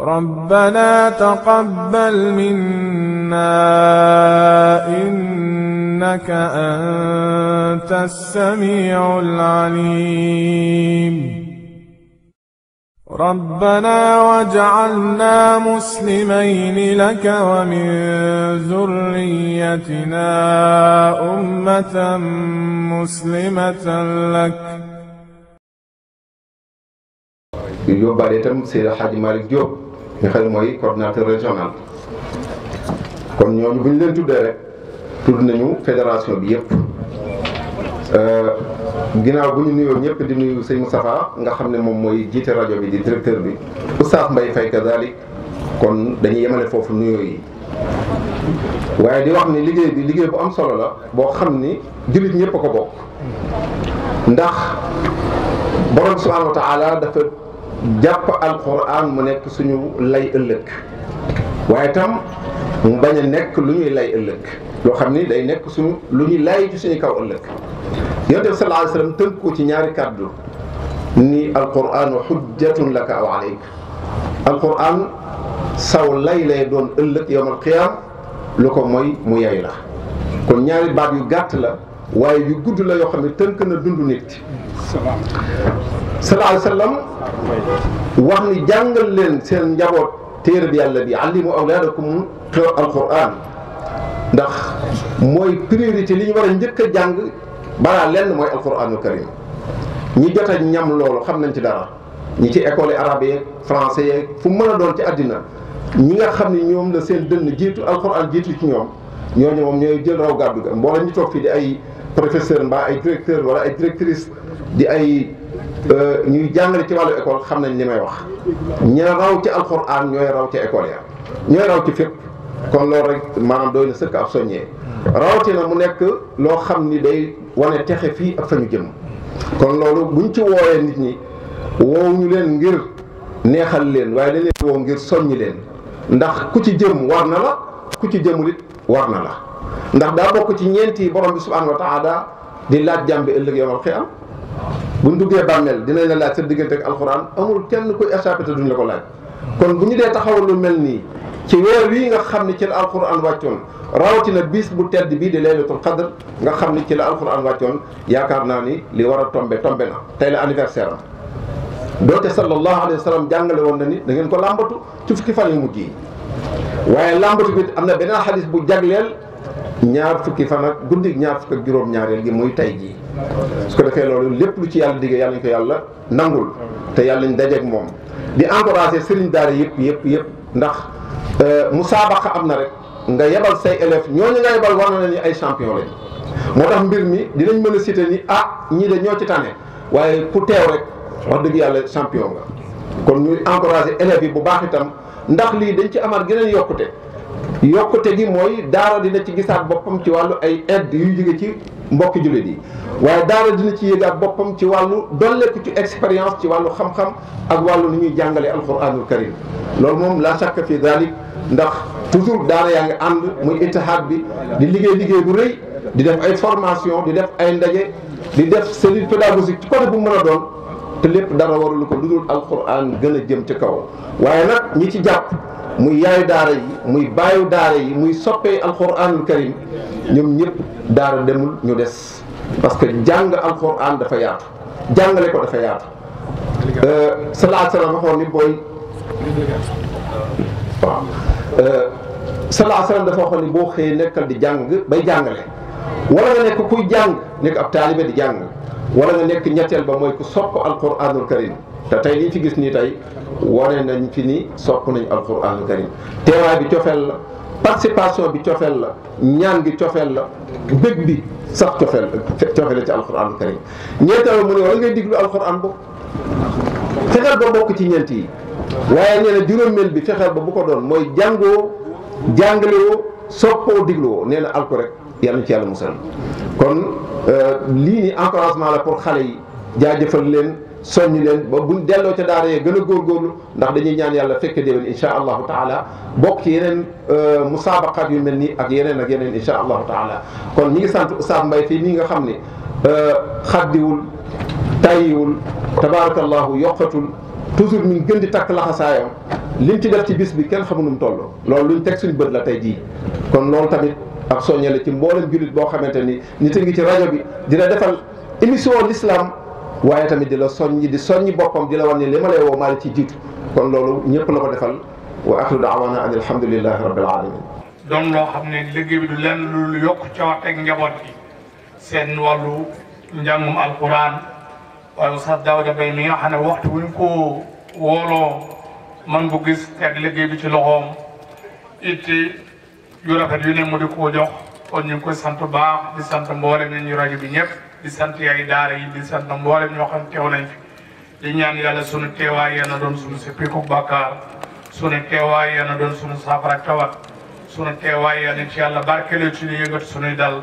ربنا تقبل منا إنك أنت السميع العليم ربنا واجعلنا مسلمين لك ومن ذريتنا أمة مسلمة لك يوبا ليتم سيد الحاج مالك جوب ñu xam ne mooy coordinateur régional kon ñooñu bu ñu leen tuddee rek tudd nañu fédération bi yëpp euh, ginnaaw bu ñu nuyoo ñëpp di nuyu sëñ Moustapha nga xam ne moom mooy jiite rajo bi di directeur bi Oustaz Mbaye Faye kadalik kon dañuy yemale foofu nuyoo yi waaye di wax ni liggéey bi liggéey bu am solo la boo xam ni jullit ñëpp a ko bokk ndax borom subhanahu wa taala dafa jàpp alquran mu nekk suñu lay ëllëg waaye tam mu bañ a nekk lu ñuy lay ëllëg loo xam ni day nekk suñu lu ñuy lay ci suñu kaw ëllëg yonent bi sallallahu alayhi wasallam tënk ko ci ñaari kàddu ni alquran xujjatun laka aw alayk alquran saw lay lay doon ëllëg yowmal qiyaam lu ko moy mu yay la kon ñaari baat yu gàtt la waaye yu gudd la yoo xam ne tënk na dund nit. sallallahu alayhi wa wax ni jàngal leen seen njaboot téere bi yàlla bi allimu awlaadakum alquran ndax mooy priorité li ñu war a njëkk a jàng balaa lenn mooy alquranul karim ñi jot a ñam loolu xam nañ ci dara ñi ci école arabe yeeg français yeeg fu mën a doon ci àddina ñi nga xam ne ñoom la seen dënn jiitu alquran jiitu ci ñoom ñooñu moom ñooy jël raw gàddu ga mboolem ñu toog fii di ay professeur mbaa ay directeur wala ay directrice di ay euh, ñuy jàngale ci wàllu école xam nañ li may wax ña raw ci alxuraan ñooy raw ci école ya ñooy raw ci fépp kon loolu rek maanaam doy na sëkk ab mu nekk loo xam ni day wane texe fii ak ñu jëm kon loolu buñ ci woowee nit ñi woowu ñu leen ngir neexal leen waaye dañ leen woo ngir soññi leen ndax ku ci jëm war na la ku ci jëmul it war na la ndax daa bokk ci ñeenti borom bi subhanahu wa taala di laaj jàmb bi ëllëg yowmal xiyaam buñ duggee bàmmeel dinañ la laaj sa diggante ak alxuraan amul kenn kuy échappé te duñ la ko laaj kon bu ñu dee taxawal lu mel nii ci weer wii nga xam ne ci la alxuraan wàccoon rawatina biis bu tedd bii di laylatul qadr nga xam ne ci la alxuraan wàccoon yaakaar naa ni li war a tombe tombe na tey la anniversaire am doote sallallahu alayhi wa sallam jàngale woon na ni da ngeen ko làmbatu ci fukki fan yu mujj yi waaye làmbatu bi am na beneen xadis bu jagleel ñaar fukki fan ak guddi ñaar fukk ak juróom-ñaareel gi muy tay jii su ko defee loolu lépp lu ci yàlla diggee yàlla ñu ko yàlla nangul te yàlla ñu dajeeg moom di encouragé sëriñ daara yëpp yëpp yëpp ndax euh, musaabaqa am na rek nga yebal say élèves ñooñu nga yebal war na ni ay champion lañ moo tax mbir mi dinañ mën a cité ni ah ñii de ñoo ci tane waaye ku teew rek wax dëgg yàlla champion nga kon ñu encouragé élèves yi bu baax itam ndax lii dañ ci amaat geneen yokkute yokkute gi mooy daara dina ci gisaat boppam ci wàllu ay aide yu jóge ci mbokki jullit yi waaye daara dina ci yëgaat boppam ci wàllu dolleeku ci expérience ci wàllu xam-xam ak wàllu nu ñuy jàngale alquranul karim loolu moom la shakka fi dalik ndax toujours daara yaa ngi ànd muy ittihaad bi di liggéey liggéey bu rëy di def ay formation di def ay ndaje di def cellule pédagogique ci côté bu mën a doon te lépp dara warulu ko lu dul alquran gën a jëm ci kaw waaye nag ñi ci jàpp muy yaayu daara yi muy baayu daara yi muy soppee alxuraanul karim ñoom ñëpp daara demul ñu des parce que jàng alxuraan dafa yaatu jàngale ko dafa yaatu salaat euh, salaam waxoon ni booy waaw salaat euh, salaam dafa waxoon ni boo xëyee nekkal di jàng bay jàngale wala nga nekk kuy jàng nekk ab taalibe di jàng wala nga nekk ñetteel ba mooy ku sopp alxuraanul karim te tey liñ fi gis nii tey wane nañ fi ni sopp nañ alquraanu karim teewaay bi cofeel la participation bi cofeel la ñaan gi cofeel la bëgg bi sax cofeel cofeel la ci alquraanu karim ñeenteel mu ne wala ngay diglu alquraan bu fexeel ba bokk ci ñeent yi waaye nee na juróomeel bi fexeel ba bu ko doon mooy jàngoo jàngalewoo soppoo digloo nee na alko rek yàlla ci yàlla musal kon euh, lii ni encouragement la pour xale yi jaajëfal leen soññ leen ba buñ delloo ca daara yee gën a góorgóorlu ndax dañuy ñaan yàlla fekk déwén insha allahu taala bokk ci yeneen euh, musaabaqaat yu mel nii ak yeneen ak yeneen insha allahu taala kon ñi ngi sant Oustaz Mbaye fii nii nga xam ne euh, xaddiwul tayyiwul tabaarakallahu yokkatul toujours mi gën di takk laxasaayam liñ ci def ci bis bi kenn xamu nu mu toll loolu luñ teg suñ bët la tey jii kon loolu tamit ak soññale ci mboolem jullit boo xamante ni nit a ngi ci rajo bi dina defal waaye tamit di la soññi di soññi boppam di la wan ne li ma lay woo maa la ci jiitu kon loolu ñëpp la ko defal wa axiru daawaana an alhamdulilahi rabbil alamin doon loo xam ne liggéey bi du lenn lu yokk coote ak yi seen wàllu njàngum alquran waaye nga xam ne waxtu wuñ ko wooloo man ko gis teg liggéey bi ci loxoom it yu rafet yu ne mu di ko jox kon ñu koy sant baax di sant mboolem ñi ñu rajo bi ñëpp di sant yaay daara yi di sant mboolem ñoo xam teew nañ fi di ñaan yàlla sunu teewaay yéen a doon sunu sippiku bàkkaar sunu teewaay yéen a doon sunu saafara tawat sunu teewaay yéen ci yàlla barkeelu ci li yëngatu sunuy dal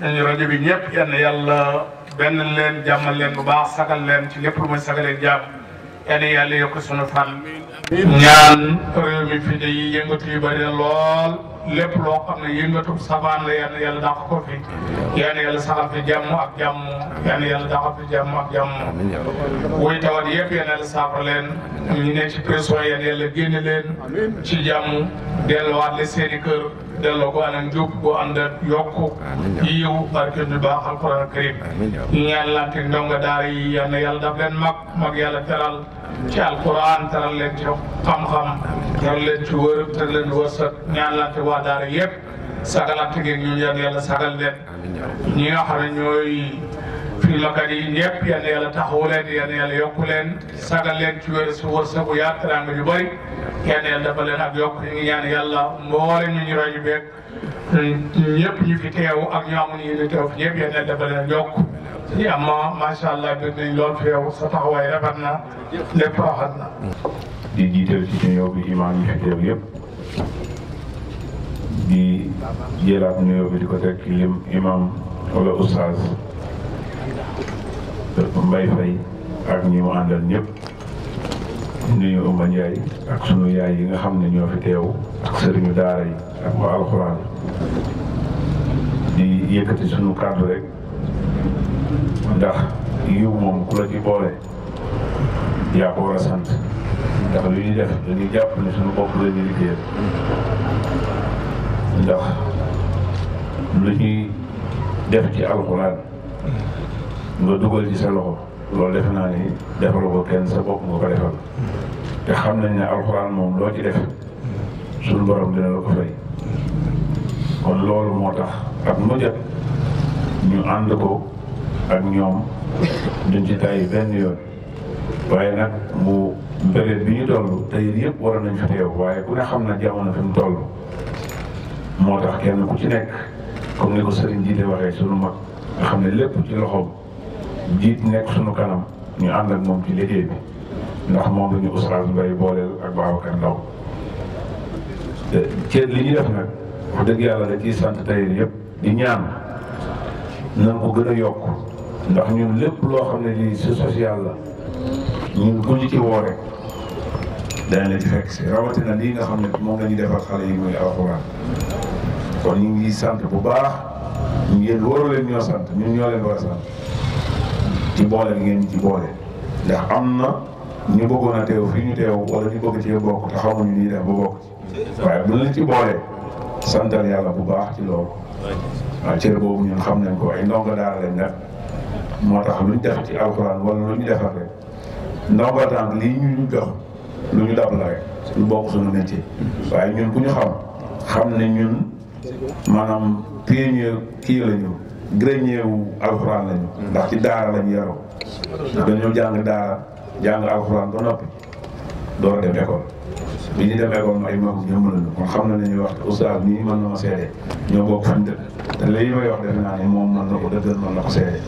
nañu rajo bi ñëpp yenn yàlla benn leen jàmmal leen bu baax sagal leen ci lépp lu muy sagalee jàmm yenn yàlla yokk sunu fan ñaan réew yi yëngatu yi bari lool lépp loo xam ne yëngatu sabaan la yal na yàlla dafa ko fi yal na yàlla fi jàmm ak jàmm yal na yàlla fi jàmm ak jàmm wuy tawat yëpp yal na yàlla saafara leen ñu ne ci prison yal na yàlla leen ci jàmm delluwaat le seeni kër delloo ko anam jub boo ànd ak yokku yiw barke du baax alquran karim ñaan lante ndonga daara yi yal na yàlla daf leen mag mag yàlla teral ci alquran teral leen ci xam-xam teral leen ci wër teral leen wërsëg ñaan lante waa daara yëpp sagalante ngeen ñun yal na yàlla sagal leen ñi nga fii localité yi ñëpp yal na yàlla taxawu leen yal na yàlla yokku leen sagal leen ci wér su wërsëg bu yaatu teraanga yu bëri yal na yàlla dafa leen ak yokk ñu ngi ñaan yàlla mboole ñu ñu rajo beeg ñëpp ñu fi teew ak ñu amul ñu teew fi ñëpp yal na yàlla dafa leen yokk yi amma macha allah gis nañ lool fi yow sa taxawaay rafet na lépp rafet na. di jiital ci nuyoo bi imaam yi fi teew yëpp di jëlaat nuyoo bi di ko teg ci lim imaam wala oustaz. Mbaye Faye ak ñi mu àndal ñëpp nuyu Ouma Ndiaye ak sunu yaay yi nga xam ne ñoo fi teew ak sëriñu daara yi ak waa alxuraan di yëkkati sunu kàddu rek ndax yiw moom ku la ci boole yaa war a sant ndax lu ñuy def dañuy jàpp ne suñu bopp la ñuy liggéeyal ndax lu ñuy def ci alxuraan ندخل في سلوه لولا فينا لي دخلوا بكن سبب مكرهون تخمن إن القرآن مم لوجي دف سن برام دين الكفاي كلول موتا أبنوجا نيو أندكو أبنيوم دنجتاي بنيو وأنا مو بربي دولو تيريب ورانا نشتيو وأنا كنا خمنا جامعنا فيم دولو موتا كأنه كتنك كم نقصرين جيدة وعيسون ما خمنا لب كتير خوب jiit nekk suñu kanam ñu ànd moom ci liggéey bi ndax moom la ñu Oustaz Mbaye booleel ak Babacar Ndaw ceet li ñu def nag wax dëgg yàlla da ciy sant tey yëpp yi ñaan nan ko gën a yokk ndax ñu lépp loo xam ne lii si social la ñun ku ñu ci woore dañ la fekk si rawatina lii nga xam ne moom la ñu defal xale yi muy alxuraan kon ñu ngi sant bu baax ñu yéen waru ñoo sant ñu ñoo leen war sant ci boole bi ngeen ci boole ndax am na ñu bëggoon a teew fii ñu teew wala ñu bëgg cee bokk te xamuñu nii def ba bokk ci waaye bu la ci boolee santal yàlla bu baax ci loolu waaw cër boobu ñun xam nañ ko ay ndongo daara lañ lu ñu ci alxuraan wala lu ñu defar rek ndongo tànk lii ñu ñu jox lu ñu dab la rek lu bokk suñu métier waaye ñun ku ñu xam xam ne ñun maanaam pionnier kii la ñu grenier wu alxuraan lañu. ndax ci daara lañu yaroo. dañoo jàng daara jàng alxuraan ba noppi door a dem école. bi ñu dem école ay mag ñoom lañu kon xam na ne ñuy wax oustaz nii mën na ma seede ñoo bokk fan dëkk te li may wax defe naa ne moom mën na ko a mën na ko seede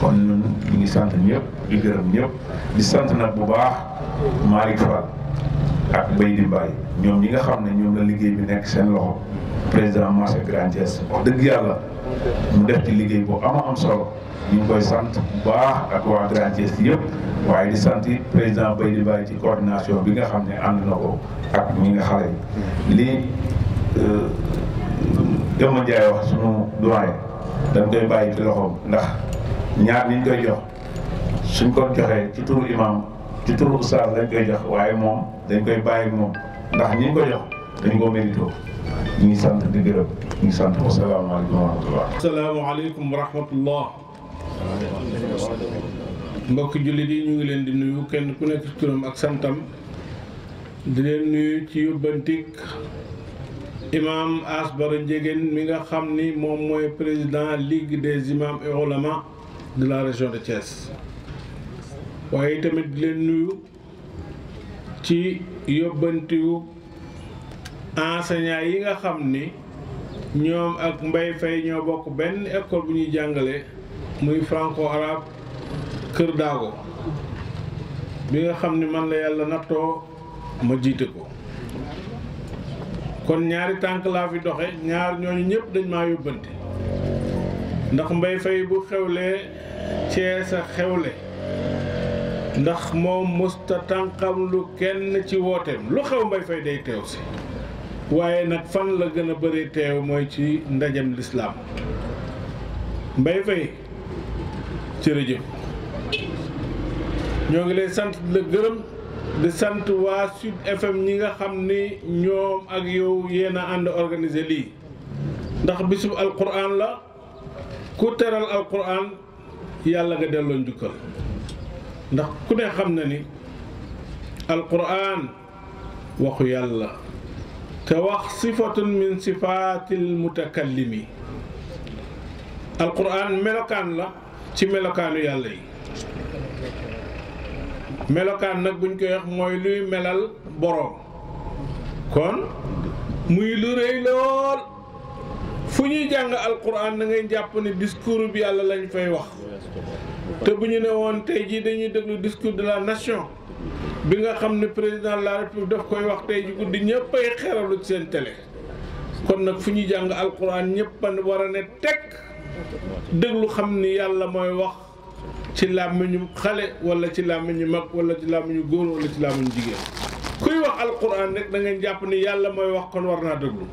kon ñun ñu ngi sant ñëpp di gërëm ñëpp di sant nag bu baax Malick Fall ak Baye di yi ñoom ñi nga xam ne ñoom la liggéey bi nekk seen loxo président marché Grand Thiès wax dëgg yàlla. ñu def ci liggéey bu ama am solo ñu ngi koy sant bu baax ak waa Grand Thiès yëpp waaye di sant président Baye di Baye ci coordination bi nga xam ne ànd na ko ak ñi nga xale yi lii euh, Demba Ndiaye wax sunu doyen dañ koy bàyyi ci loxoom ndax ñaar niñ koy jox suñ ko joxee ci turu imam ci turu ustaas lañ koy jox waaye moom dañ koy bàyyi moom ndax ñi ko jox dañ koo mérito ñu ngi sant di gërëm ñu ngi mbokki jullit yi ñu ngi leen di nuyu kenn ku nekk ci turam ak santam di leen nuyu ci yóbbantik imaam Asbara Ndiéguène mi nga xam ni moom mooy président ligue des imams et ulama de la région de Thiès waaye tamit di leen nuyu ci yóbbantiwu enseignant yi nga xam ni ñoom ak Mbaye Faye ñoo bokk benn école bu ñuy jàngale muy franco arabe Kër Daago bi nga xam ni man la yàlla nattoo ma jiite ko kon ñaari tànk laa fi doxe ñaar ñooñu ñëpp dañ maa yóbbante ndax Mbaye Faye bu xewlee cee sa xewle ndax moom musta tànkam lu kenn ci wooteem lu xew Mbaye Faye day teew si waye nak fan la gëna bëré téw moy ci ndajam l'islam mbay ci jërëjëf ñoo ngi lay sant le di sant wa Sud FM ñi nga xamni ñoom ak yow yéen and organiser li ndax bisu alquran la ku téral alquran yalla nga delloo njukkal ndax ku ne xamna ni alquran waxu yalla te wax sifatun min sifatil mutakallimi alquran melokaan la ci melokaanu yàlla yi melokaan nag buñ koy wax luy melal borom kon muy lu rëy lool alquran da ngay jàpp ne discours bi yàlla lañ fay wax te bu ñu dañuy discours de la nation bi nga xam ne président de la république daf koy wax tey ji guddi ñëppay xeralu ci seen télé kon nag fu ñuy jàng alquran ñëpp a war a ne teg lu xam ni yàlla mooy wax ci làmmiñu xale wala ci làmmiñu mag wala ci ñu góor wala ci làmmiñu jigéen kuy wax alquran rek da jàpp ni yàlla mooy wax kon war naa déglu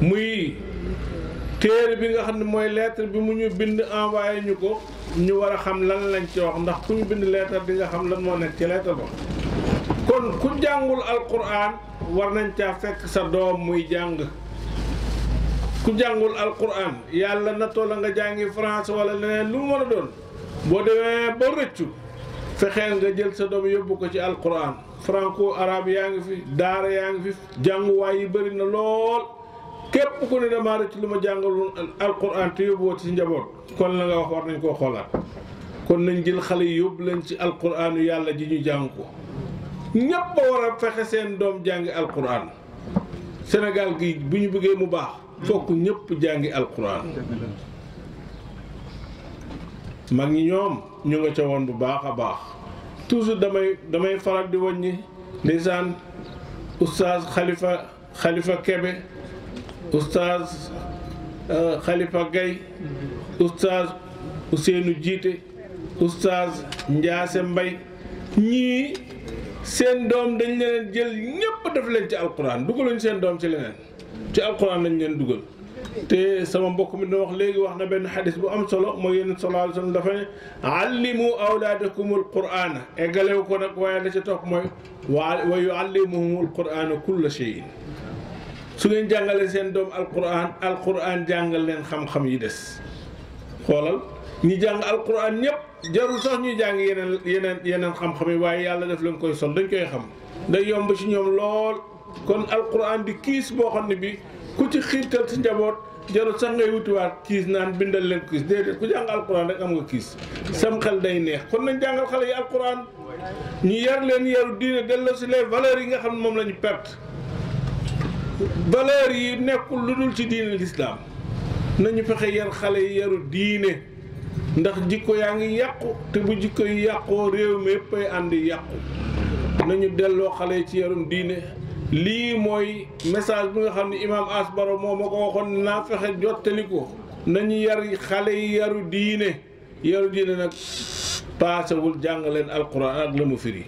muy téere bi nga xam ne mooy lettre bi mu ñu bind envoyé ñu ko ñu war a xam lan lañ ci ndax ku ñu bind leetar di nga xam lan moo nekk ci leetar ba kon ku jàngul alquran war nañ caa fekk sa doom muy jàng ku jàngul alquran yàlla na toll nga jàngi France wala leneen lu mu war a doon boo demee ba rëccu fexeel nga jël sa doom yóbbu ko ci alquran franco arabe yaa ngi fi daara yaa ngi fi jànguwaay yi bëri na lool. képp ko ne damaa rëcc lu ma jàngaloon alquran te yóbbuwoo ci njaboot kon la nga wax war nañ koo xoolaat kon nañ jël xale yi yóbbu leen ci alquran yàlla ji ñu jàng ko ñépp a war a fexe seen doom jàngi alquran senegal gi bu ñu bëggee mu baax fokk ñëpp jàngi alquran mag ñi ñoom ñu nga ca woon bu baax a baax toujours damay damay faral di wàññi ndeysaan oustaz xalifa xalifa Kebe استاذ خليفه غاي استاذ حسين جيتي استاذ نياسم باي ني سين دوم دنج لين جيل نيب داف لين تي القران دوغلو سين دوم سي لين تي القران نان لين دوغل تي سما بوك مي نوخ ليغي واخنا بن حديث بو ام سولو مو ين صلى الله عليه وسلم داف علموا اولادكم القران اغاليو كو نك واي لا سي توك موي ويعلمهم القران كل شيء su ngeen jàngalee seen doom alquran alquran jàngal leen xam-xam yi des xoolal ñi jàng alquran ñëpp jarul sax ñuy jàng yeneen yeneen yeneen xam-xam yi waaye yàlla def leen koy sol dañ koy xam da yomb ci ñoom lool kon alquran di kiis boo xam ne bi ku ci xiirtal ci njaboot jarul sax ngay wutiwaat kiis naan bindal leen kiis déedéet ku jàng alquran rek am nga kiis sam xel day neex kon nañ jàngal xale yi alquran ñu yar leen yaru diine delloo si les valeurs yi nga xam ne moom la ñu perte baleer yi nekkul lu dul ci diine lislaam nañu fexe yar xale yi yaru diine ndax jikko yaa ngi yàqu te bu jikko yi yàqoo réew mi yëpp ay ànd yàqu nañu delloo xale yi ci yarum diine lii mooy message bi nga xam ne imaam asbaro moo ma waxoon naa fexe jottali nañu yar xale yi yaru diine yaru diine nag paasewul jàng leen alquran ak la firi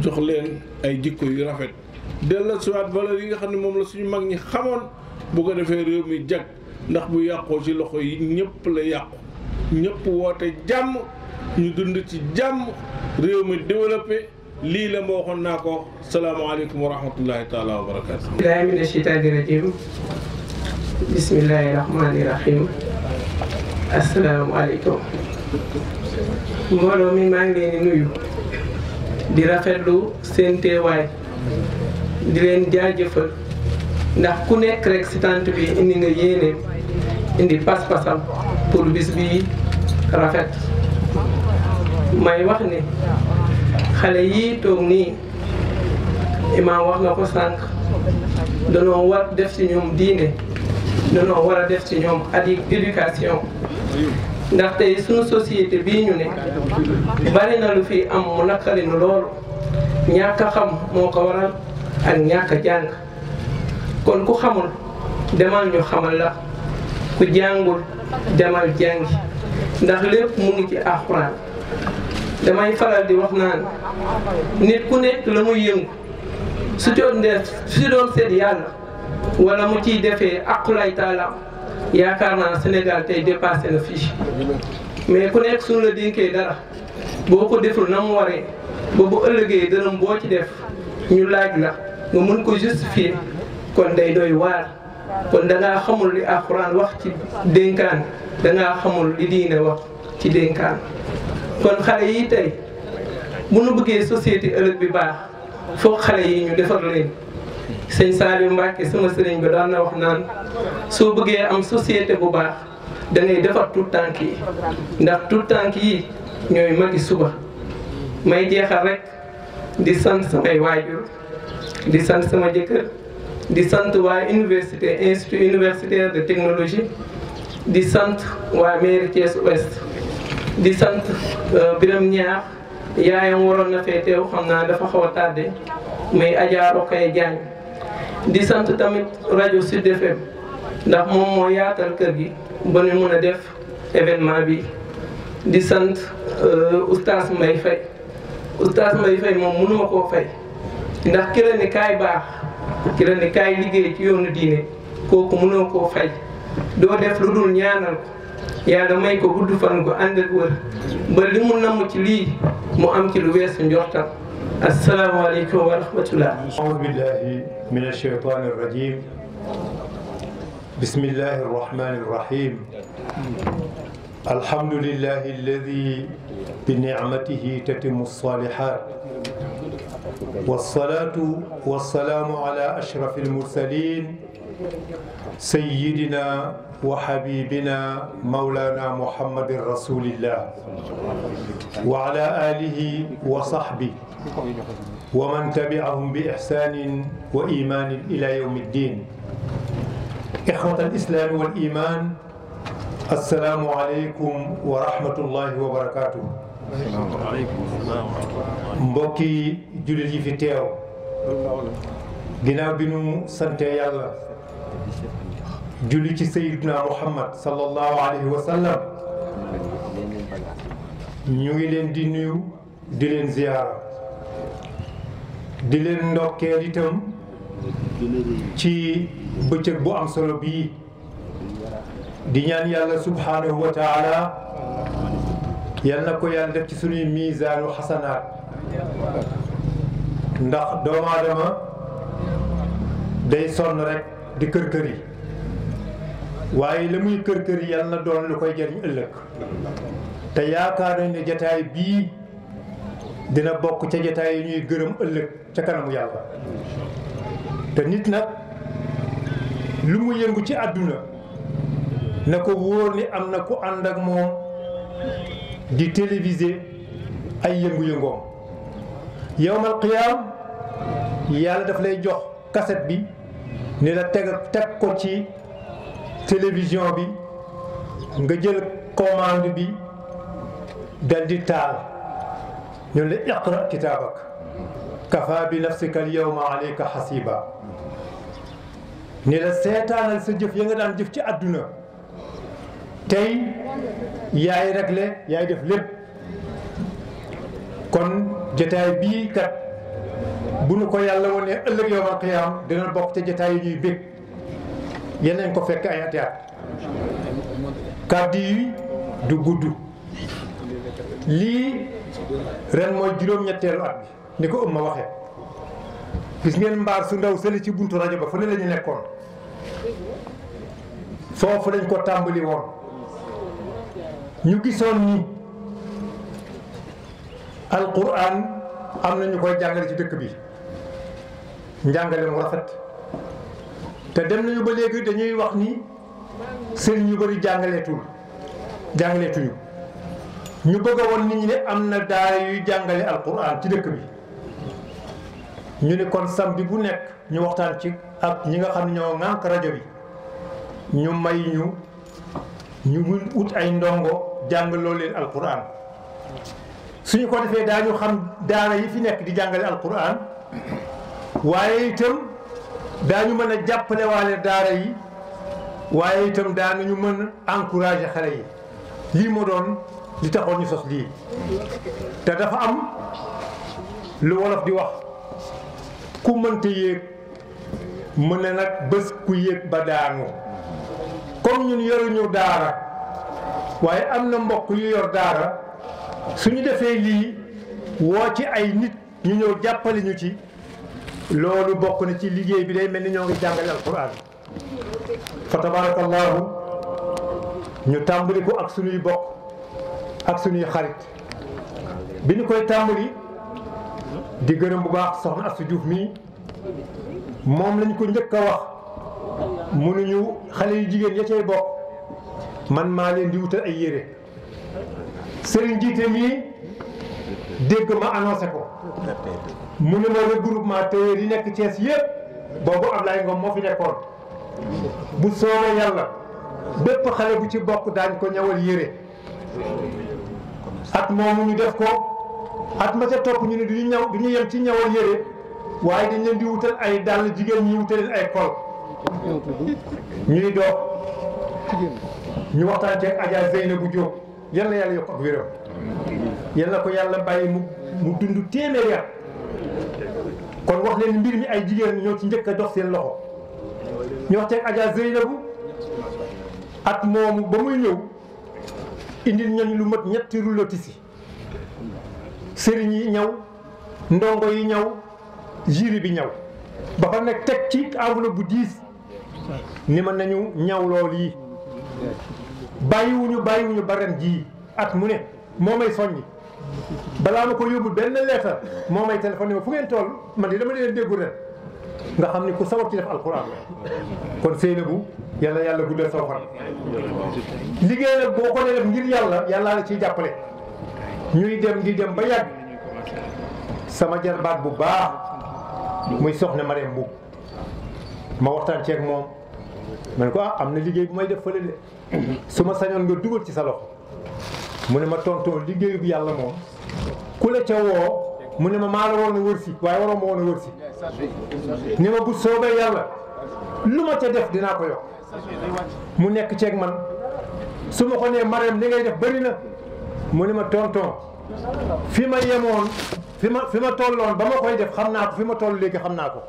jox leen ay jikko yu rafet dell delloosiwaat valeur yi nga xam ne moom la suñu mag ñi xamoon bu ko defee réew mi jag ndax bu yàqoo ci loxo yi ñëpp la yàqu ñëpp woote jàmm ñu dund ci jàmm réew mi développé lii la ma waxoon naa ko salaamaaleykum wa rahmatullahi taala wa barakaatu billahi mbooloo mi maa ngi leen di nuyu di seen teewaay di leen jaajëfal ndax ku nekk rek si tànt bi indi nga yéene indi pas-pasam pour bis bi rafet may wax ni xale yi toog nii imaam wax na ko sànq danoo war def ci ñoom diine danoo war a def ci ñoom adi éducation ndax tey suñu société bii ñu ne bari na lu fi am mu naqari nu loolu ñàkk xam moo ko waral ak ñàkk jàng kon ku xamul demal ñu xamal la ku jàngul demal jàngi ndax lépp mu ngi ci alxuraan damay faral di wax naan nit ku nekk la muy yëngu su doon def su doon seet yàlla wala mu ciy defee aqulay taala yaakaar naa Sénégal tey dépassé na fii mais ku nekk suñu la dénkee dara boo ko deful na mu waree ba bu ëllëgee dërëm boo ci def ñu laaj la nga mën ko justifier kon day doy waar kon da xamul li alxuraan wax ci dénkaan da xamul li diine wax ci dénkaan kon xale yi tey bu nu bëggee société ëllëg bi baax foog xale yi ñu defar leen sëñ Saliou Mbacke sama sëriñ bi daan na wax naan soo bëggee am société bu baax da ngay defar tout tànk yi ndax tout tànk yi ñooy magi suba may jeexal rek di sant samay waajur di sant sama jëkkër di sant waa université institut universitaire de technologie di sant waa mairie Thiès Ouest di sant euh, Biram Ñaar yaayam waroon na fee teew xam naa dafa xaw a tardé muy Adja Rokhaya Diagne di sant tamit rajo Sud FM ndax moom moo yaatal kër gi ba ñu a def événement bi di sant euh, oustaz Mbaye Faye oustaz Mbaye Faye moom mënuma koo fay ndax ki ni kay baax ki ni kay liggéey ci yoonu diine koku mëno ko fay do def lu dul ñaanal ko yàlla may ko guddu fan ko andal wër ba limu nam ci li mu am ci lu wess weesu njortam asalaamaaleykum wa rahmatullah audu billahi min alcheytan arrajim بسم الله الرحمن الرحيم الحمد لله الذي بنعمته تتم الصالحات والصلاة والسلام على أشرف المرسلين سيدنا وحبيبنا مولانا محمد رسول الله وعلى آله وصحبه ومن تبعهم بإحسان وإيمان إلى يوم الدين إخوة الإسلام والإيمان السلام عليكم ورحمة الله وبركاته mbokki jullit yi fi teew ginnaaw bi ñu sante yàlla julli ci sayiduna muhammad sallallahu alayhi wa ñu ngi leen di nuyu di leen ziyaara di leen ndokkeel itam ci bëccëg bu am solo bii di ñaan yàlla subhanahu wa taala yal na ko yàlla def ci suñuy miisaanu xasanaat ndax doomu aadama day sonn rek di kër kër waaye la muy kër kër yi yal na doon lu koy jëriñ ëllëg te yaakaar nañ ne jataay bii dina bokk ca jataay yi ñuy gërëm ëllëg ca kanamu yàlla te nit nag lu mu yëngu ci àdduna na ko wóor ni am na ku ànd ak moom di téléviser ay yëngu-yëngoom yowmal qiyaam yàlla daf lay jox kaset bi ni la teg teg ko ci télévision bi nga jël commande bi dal di taal ñu la iqra kitaabak kafa bi nafsika al yawma alayka xasiba ni la seetaanal sa jëf ya nga daan jëf ci àdduna tey yaay réglé yaay def lépp kon jataay bii kat bu nu ko yàlla wonee ëllëg yowmal qiyaam dina bokk ca jotaay yi ñuy bég yeneen ko fekk ay ati at kàddu yi du gudd lii ren mooy juróom-ñetteelu at bi ni ko ëmma waxee gis ngeen mbaar su ndaw sëli ci buntu rajo ba fa ne la nekkoon foofu lañ ko tàmbali woon ñu gisoon ni alquran am na ñu koy jàngale ci dëkk bi njàngale mu rafet te dem nañu ba léegi dañuy wax ni seen ñu bëri jàngaleetul jàngaleetuñu ñu bëgg a woon nit ñi ne am na daara yuy jàngale alquran ci dëkk bi ñu ne kon samedi bu nekk ñu waxtaan ci ak ñi nga xam ne ñoo ŋànk rajo bi ñu may ñu ñu mun ut ay ndongo jàng jàngaloo leen alquran suñu ko defee daañu xam daara yi fi nekk di jàngale alquran waaye itam daañu mën a jàppale waale daara yi waaye itam ñu mën a encouragé xale yi lii moo doon li taxoon ñu sos lii te dafa am lu wolof di wax ku mënta yéeg mën ne nag bés ku yéeg ba daanu comme ñun yoruñu daara waaye am na mbokk yu yor daara suñu defee lii woo ci ay nit ñu ñëw jàppale ñu ci loolu bokk na ci liggéey bi day mel ni ñoo ngi jàngale alquran fa tabarakallahu ñu tàmbali ko ak suñuy bokk ak suñuy xarit bi ñu koy tàmbali di gërëm bu baax soxna Astou Diouf mii moom lañ ko njëkk a wax mënuñu xale yu jigéen ya cay bokk man maa leen di wutal ay yére sëriñ jiite mii dégg ma annoncé ko mu ne ma groupement tailleur yi nekk Thiès yëpp boobu Ablaye Ngom moo fi nekkoon bu soobee yàlla bépp xale bu ci bokk daañ ko ñawal yére at moomu ñu def ko at ma ca topp ñu ne du ñaw du ñu yem ci ñawal yére waaye dañ leen di wutal ay dàll jigéen ñi wutal ay kol ñuy doog ñu waxtaan ceeg Adja Zeynabu Diop yal na yàlla yokk ak wéram yal na ko yàlla bàyyi mu mu dund téeméeri at kon wax leen mbir mi ay jigéen ñoo ci njëkk a dox seen loxo ñu wax ceeg Adja Zeynabu at moomu ba muy ñëw indil ñooñu lu mat ñetti rouleau tissu sëriñ yi ñaw ndongo yi ñaw jury bi ñaw ba fa nekk teg ci enveloppe bu diis ni mën nañu ñaw lool yi bàyyiwuñu bàyyiwuñu ba ren jii at mu ne moo may soññi balaa ma ko yóbbu benn leetar moo may téléphone ma fu ngeen tool man di dama leen déggu ren nga xam ni ku sabab ci def alxuraan kon Seynabou yàlla yàlla guddal sa fan liggéey la ciy jàppale ñuy dem di dem ba yàgg sama jarbaat bu baax muy soxna Marème Mbow ma waxtaan ceeg moom ma ne ko ah am na liggéey bu may def fële de su ma sañoon nga dugal ci sa loxo mu ne ma tontoo liggéey yàlla moom ku la ca woo mu ne ma maa la woon a si waaye waroon ma woon a wër si ni ma bu soobee yàlla lu ma ca def dinaa ko yokk mu nekk ceeg man su ma ko nee mareem li ngay def bari na mu ne ma tonton fi ma yemoon fi ma fi ma tolloon ba ma koy def xam naa ko fi ma toll léegi xam naa ko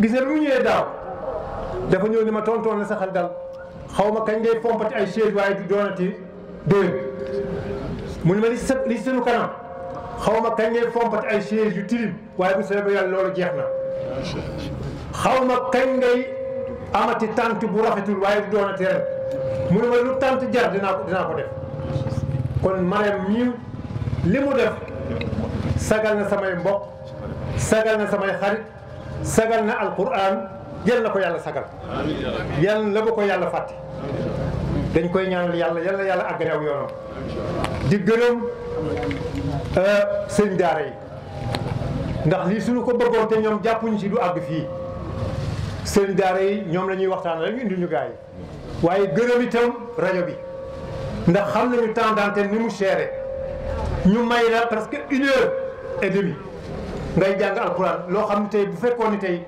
gis nga ñëwee daaw dafa ñëw ni ma tontoon la sa xel dal xaw ma kañ ngay fompati ay chaise waaye du doonati ma li sa kanam xaw ma kañ ngay fompati ay yu tilim waaye bu soobee yàlla loolu jeex na xaw ma kañ ngay amati bu rafetul waaye du mu tànt jar dinaa ko dinaa ko def kon Marème ñii li mu def sagal na samay mbokk sagal na samay xarit sagal na alquran yal na ko yàlla sagal yal na ba ko yàlla fàtte dañ koy ñaanal yàlla yal yàlla àggale aw yoonam di gërëm euh, sëñ daara yi ndax lii suñu ko bëggoon te ñoom jàppuñu ci du àgg fii sëñ daara yi ñoom lañuy ñuy waxtaan rek indi ñu gars yi waaye gërëm itam rajo bi ndax xam nañu temps d'antenne ni mu seere ñu may la presque une heure et demie ngay jàng alxuraan loo xam ne tey bu fekkoon ni tey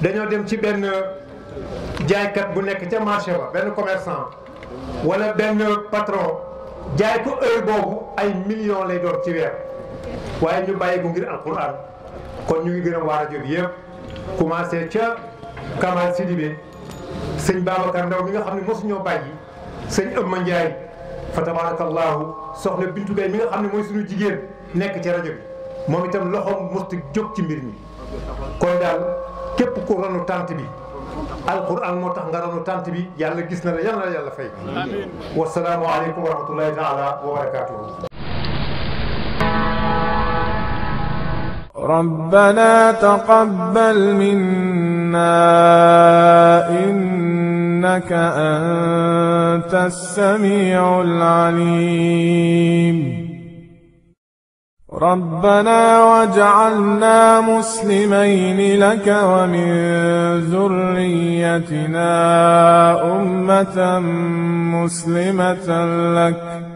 dañoo dem ci benn jaaykat bu nekk ca marché ba benn commerçant wala benn patron jaay ko heure boobu ay millions lay doon ci weer waaye ñu bàyyi ko ngir alquran kon ñu ngi gën a waar a jot yëpp commencé ca Kamal bi sëñ Babacar Ndaw mi nga xam ne mosuñoo bàyyi sëñ Ëmma Ndiaye fa tabarakallahu soxna Bintu Gay mi nga xam ne mooy suñu jigéen nekk ci rajo bi moom itam loxoom musti jóg ci mbir mi kon daal كيف قرانو تانتي بي القران موتا غارانو تانتي بي يالا غيسنا لا يالا يالا فاي والسلام عليكم ورحمه الله تعالى وبركاته ربنا تقبل منا انك انت السميع العليم ربنا وجعلنا مسلمين لك ومن ذريتنا أمة مسلمة لك